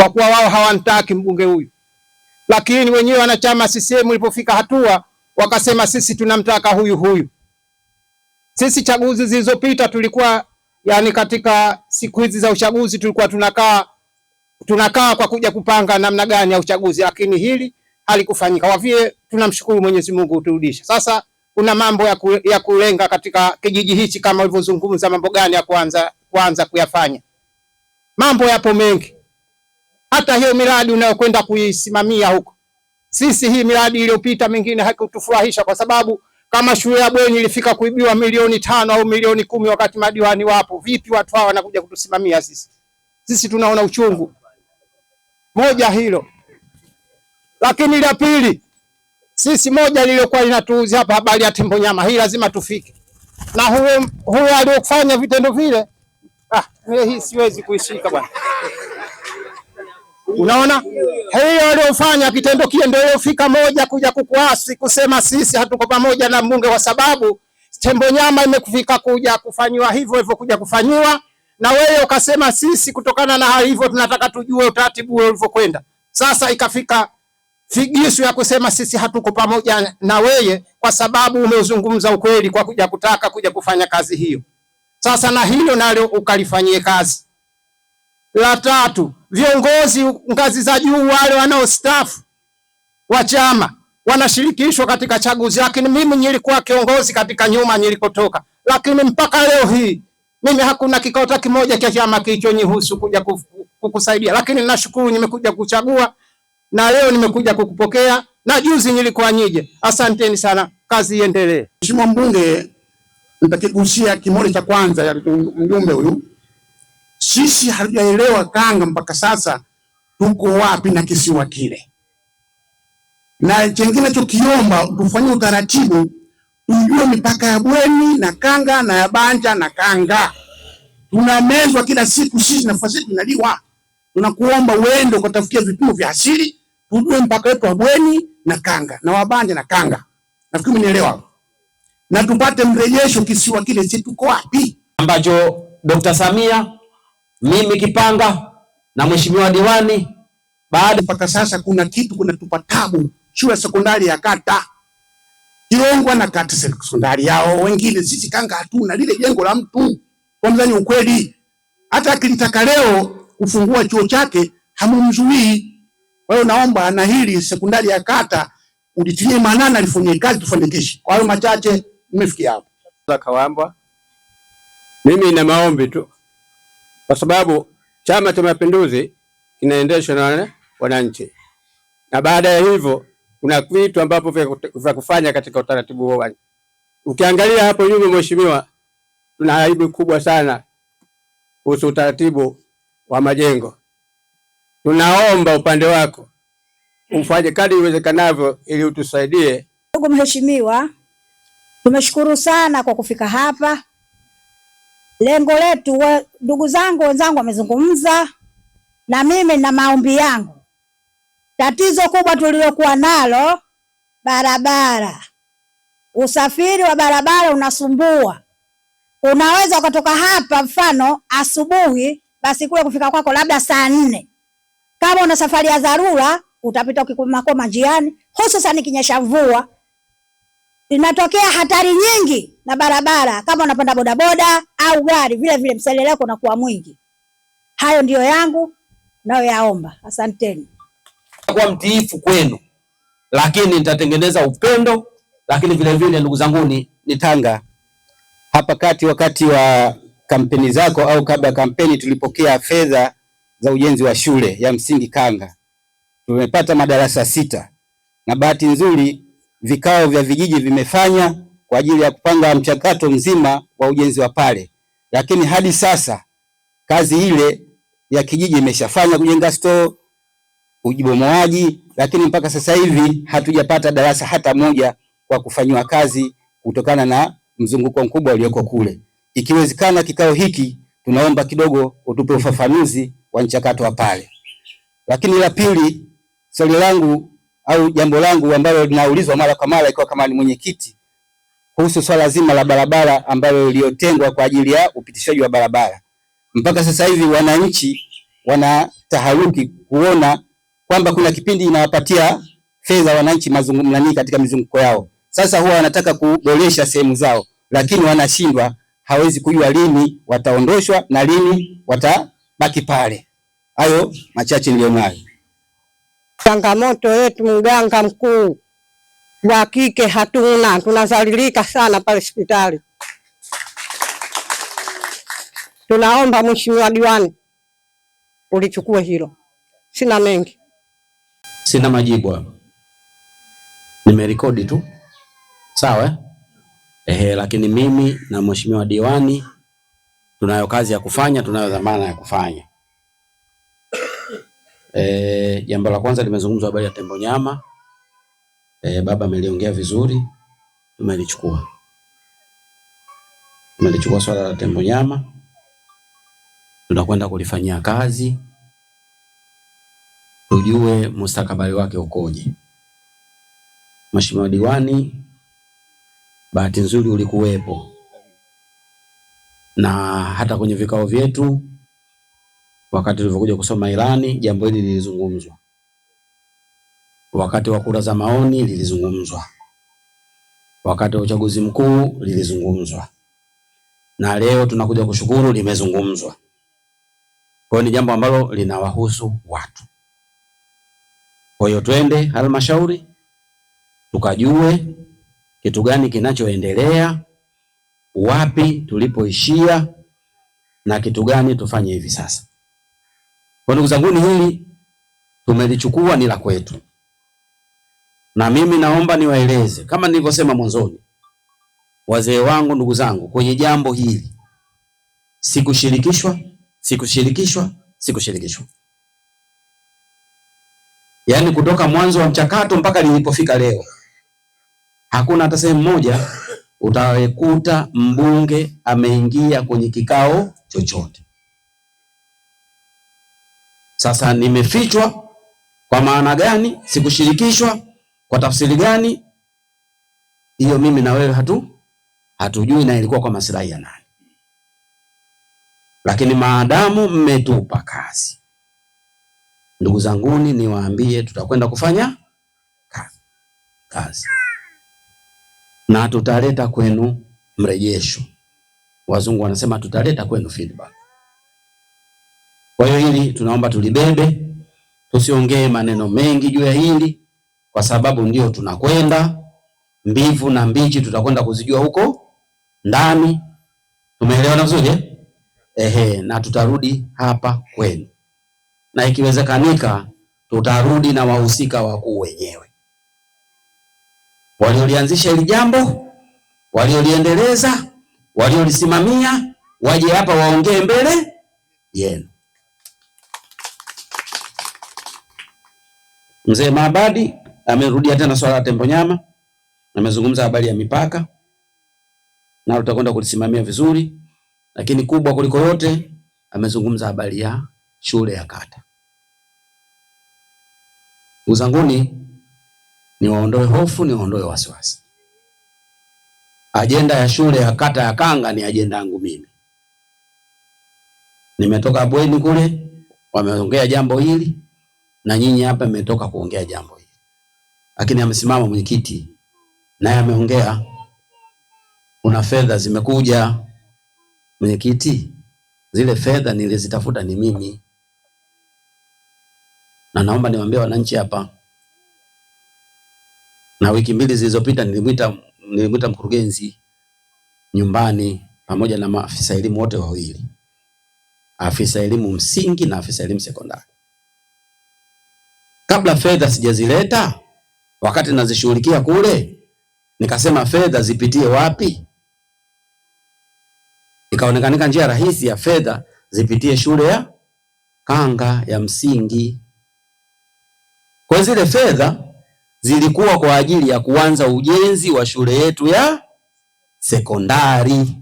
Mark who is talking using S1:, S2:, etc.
S1: kwa kuwa wao hawamtaki mbunge huyu. Lakini wenyewe wanachama CCM ilipofika hatua wakasema, sisi tunamtaka huyu huyu. Sisi chaguzi zilizopita tulikuwa yani, katika siku hizi za uchaguzi tulikuwa tunakaa tunakaa kwa kuja kupanga namna gani ya uchaguzi, lakini hili halikufanyika. Kwa vile tunamshukuru Mwenyezi Mungu uturudisha. Sasa kuna mambo ya, ku, ya kulenga katika kijiji hichi, kama ulivyozungumza, mambo gani ya kuanza kuanza kuyafanya. Mambo yapo mengi hata hiyo miradi unayokwenda kuisimamia huko. Sisi hii miradi iliyopita mingine haikutufurahisha kwa sababu kama shule ya bweni ilifika kuibiwa milioni tano au milioni kumi wakati madiwani wapo. Vipi watu hawa wanakuja kutusimamia sisi? Sisi tunaona uchungu. Moja hilo, lakini la pili, sisi moja lililokuwa linatuuzi hapa, habari ya tembo nyama hii lazima tufike na huyo huyo aliyofanya vitendo vile. Ah, hii siwezi kuishika bwana. Unaona, hiyo waliofanya kitendo kile ndio iliyofika moja kuja kukuasi kusema sisi hatuko pamoja na mbunge, kwa sababu tembo nyama imekufika kuja kufanyiwa hivyo hivyo kuja kufanyiwa na wewe ukasema sisi, kutokana na hali hivyo, tunataka tujue utaratibu ulivyokwenda. Sasa ikafika figisu ya kusema sisi hatuko pamoja na wewe kwa sababu umeuzungumza ukweli kwa kuja kutaka kuja kufanya kazi hiyo. Sasa na hilo nalo ukalifanyie kazi. La tatu viongozi ngazi za juu wale wanaostaafu wa chama wanashirikishwa katika chaguzi, lakini mimi nilikuwa kiongozi katika nyuma nilikotoka, lakini mpaka leo hii mimi hakuna kikao hata kimoja cha chama kilichonihusu kuja kukusaidia, lakini nashukuru, nimekuja kuchagua na leo nimekuja kukupokea na juzi nilikuwa nyije. Asanteni sana, kazi iendelee.
S2: Mheshimiwa Mbunge, nitakigusia kimoja cha kwanza ya mjumbe huyu sisi hatujaelewa Tanga mpaka sasa tuko wapi na kisiwa kile, na chengine chokiomba tufanye utaratibu tujue mipaka ya Bweni na Kanga na ya Banja na Kanga. Tunamezwa kila siku sisi, nafasi yetu inaliwa. Tunakuomba uende ukatafutia vipimo vya asili tujue mpaka wetu wa Bweni na Kanga na Wabanja na Kanga, nafikiri umenielewa, na tupate mrejesho kisiwa kile, si tuko wapi ambacho Dr. Samia mimi Kipanga na mheshimiwa diwani baada mpaka sasa kuna kitu kunatupa tabu. Shule sekondari ya kata Kirongwa na kata sekondari yao wengine, sisi Kanga hatuna lile jengo la mtu kwa mzani. Ukweli hata akilitaka leo kufungua chuo chake hamumzuii. Kwa hiyo naomba na hili sekondari ya kata ulitie maanani, lifanyie kazi tufanikishe. Kwa hiyo machache nimefikia hapo.
S3: Kawambwa, mimi na maombi tu kwa sababu Chama cha Mapinduzi kinaendeshwa na wananchi, na baada ya hivyo kuna vitu ambapo vya kufanya katika utaratibu huo. Ukiangalia hapo nyuma, mheshimiwa, tuna aibu kubwa sana kuhusu utaratibu wa majengo. Tunaomba upande wako ufanye kadri iwezekanavyo ili utusaidie.
S4: Ndugu mheshimiwa, tumeshukuru sana kwa kufika hapa Lengo letu, ndugu zangu, wenzangu wamezungumza na mimi na maombi yangu. Tatizo kubwa tulilokuwa nalo barabara, usafiri wa barabara unasumbua. Unaweza ukatoka hapa mfano asubuhi, basi kule kufika kwako labda saa nne. Kama una safari ya dharura, utapita ukikomakoma njiani, hususani kinyesha mvua inatokea hatari nyingi na barabara, kama unapanda bodaboda au gari vile vile, msalele wako unakuwa mwingi. Hayo ndiyo yangu nayoyaomba yaomba. Asanteni
S3: kwa mtiifu kwenu, lakini nitatengeneza upendo, lakini vile vile ndugu zangu ni, ni Tanga hapa kati, wakati wa kampeni zako au kabla ya kampeni, tulipokea fedha za ujenzi wa shule ya msingi Kanga, tumepata madarasa sita na bahati nzuri vikao vya vijiji vimefanya kwa ajili ya kupanga mchakato mzima wa ujenzi wa pale, lakini hadi sasa kazi ile ya kijiji imeshafanya kujenga store, ujibomoaji, lakini mpaka sasa hivi hatujapata darasa hata moja kwa kufanyiwa kazi kutokana na mzunguko mkubwa ulioko kule. Ikiwezekana kikao hiki tunaomba kidogo utupe ufafanuzi wa mchakato wa pale. Lakini la pili, swali langu au jambo langu ambalo linaulizwa mara kwa mara, ikiwa kama ni mwenyekiti, kuhusu swala zima la barabara ambalo iliyotengwa kwa ajili ya upitishaji wa barabara. Mpaka sasa hivi wananchi wanataharuki kuona kwamba kuna kipindi inawapatia fedha wananchi mazungumzo katika mizunguko yao, sasa huwa wanataka kuboresha sehemu zao, lakini wanashindwa, hawezi kujua lini wataondoshwa na lini watabaki pale. Hayo machache niliyo nayo.
S1: Changamoto yetu mganga mkuu wa kike hatuna, tunazalilika sana pale hospitali. Tunaomba mheshimiwa diwani ulichukue hilo. Sina mengi,
S3: sina majibu hapo, nimerekodi tu sawa. Eh? Ehe, lakini mimi na mheshimiwa diwani tunayo kazi ya kufanya, tunayo dhamana ya kufanya. E, jambo la kwanza limezungumzwa habari ya tembo nyama. E, baba ameliongea vizuri, tumelichukua tumelichukua swala la tembo nyama, tunakwenda kulifanyia kazi tujue mustakabali wake ukoje. Mheshimiwa diwani, bahati nzuri ulikuwepo na hata kwenye vikao vyetu Wakati tulivyokuja kusoma ilani, jambo hili lilizungumzwa. Wakati wa kura za maoni lilizungumzwa. Wakati wa uchaguzi mkuu lilizungumzwa, na leo tunakuja kushukuru limezungumzwa. Kwa hiyo ni jambo ambalo linawahusu watu. Kwa hiyo twende halmashauri tukajue kitu gani kinachoendelea, wapi tulipoishia na kitu gani tufanye hivi sasa. Kwa ndugu zanguni, hili tumelichukua ni la kwetu, na mimi naomba niwaeleze kama nilivyosema mwanzoni, wazee wangu, ndugu zangu, kwenye jambo hili sikushirikishwa, sikushirikishwa, sikushirikishwa, yaani kutoka mwanzo wa mchakato mpaka lilipofika leo, hakuna hata sehemu moja utawekuta mbunge ameingia kwenye kikao chochote. Sasa nimefichwa kwa maana gani? Sikushirikishwa kwa tafsiri gani? Hiyo mimi na wewe hatu hatujui, na ilikuwa kwa maslahi ya nani? Lakini maadamu mmetupa kazi, ndugu zanguni, niwaambie tutakwenda kufanya kazi, kazi na tutaleta kwenu mrejesho. Wazungu wanasema tutaleta kwenu feedback. Kwa hiyo hili tunaomba tulibebe, tusiongee maneno mengi juu ya hili, kwa sababu ndio tunakwenda mbivu na mbichi, tutakwenda kuzijua huko ndani. Tumeelewana vizuri eh? ehe, na tutarudi hapa kwenu, na ikiwezekanika tutarudi na wahusika wakuu wenyewe waliolianzisha hili jambo, walioliendeleza, waliolisimamia, waje hapa waongee mbele yenu. Mzee Maabadi amerudia tena swala la tembo nyama, amezungumza habari ya mipaka, na tutakwenda kulisimamia vizuri, lakini kubwa kuliko yote amezungumza habari ya shule ya kata. Uzanguni niwaondoe hofu, niwaondoe wasiwasi. Ajenda ya shule ya kata ya Kanga ni ajenda yangu mimi. Nimetoka bweni kule, wameongea jambo hili na nyinyi hapa mmetoka kuongea jambo hili, lakini amesimama mwenyekiti naye ameongea, kuna fedha zimekuja. Mwenyekiti, zile fedha nilizitafuta ni mimi, na naomba niwaambie wananchi hapa, na wiki mbili zilizopita nilimwita nilimwita mkurugenzi nyumbani pamoja na maafisa elimu wote wawili, afisa elimu msingi na afisa elimu sekondari kabla fedha sijazileta, wakati nazishughulikia kule, nikasema fedha zipitie wapi? Ikaonekanika njia rahisi ya fedha zipitie shule ya Kanga ya msingi. Kwa zile fedha zilikuwa kwa ajili ya kuanza ujenzi wa shule yetu ya sekondari.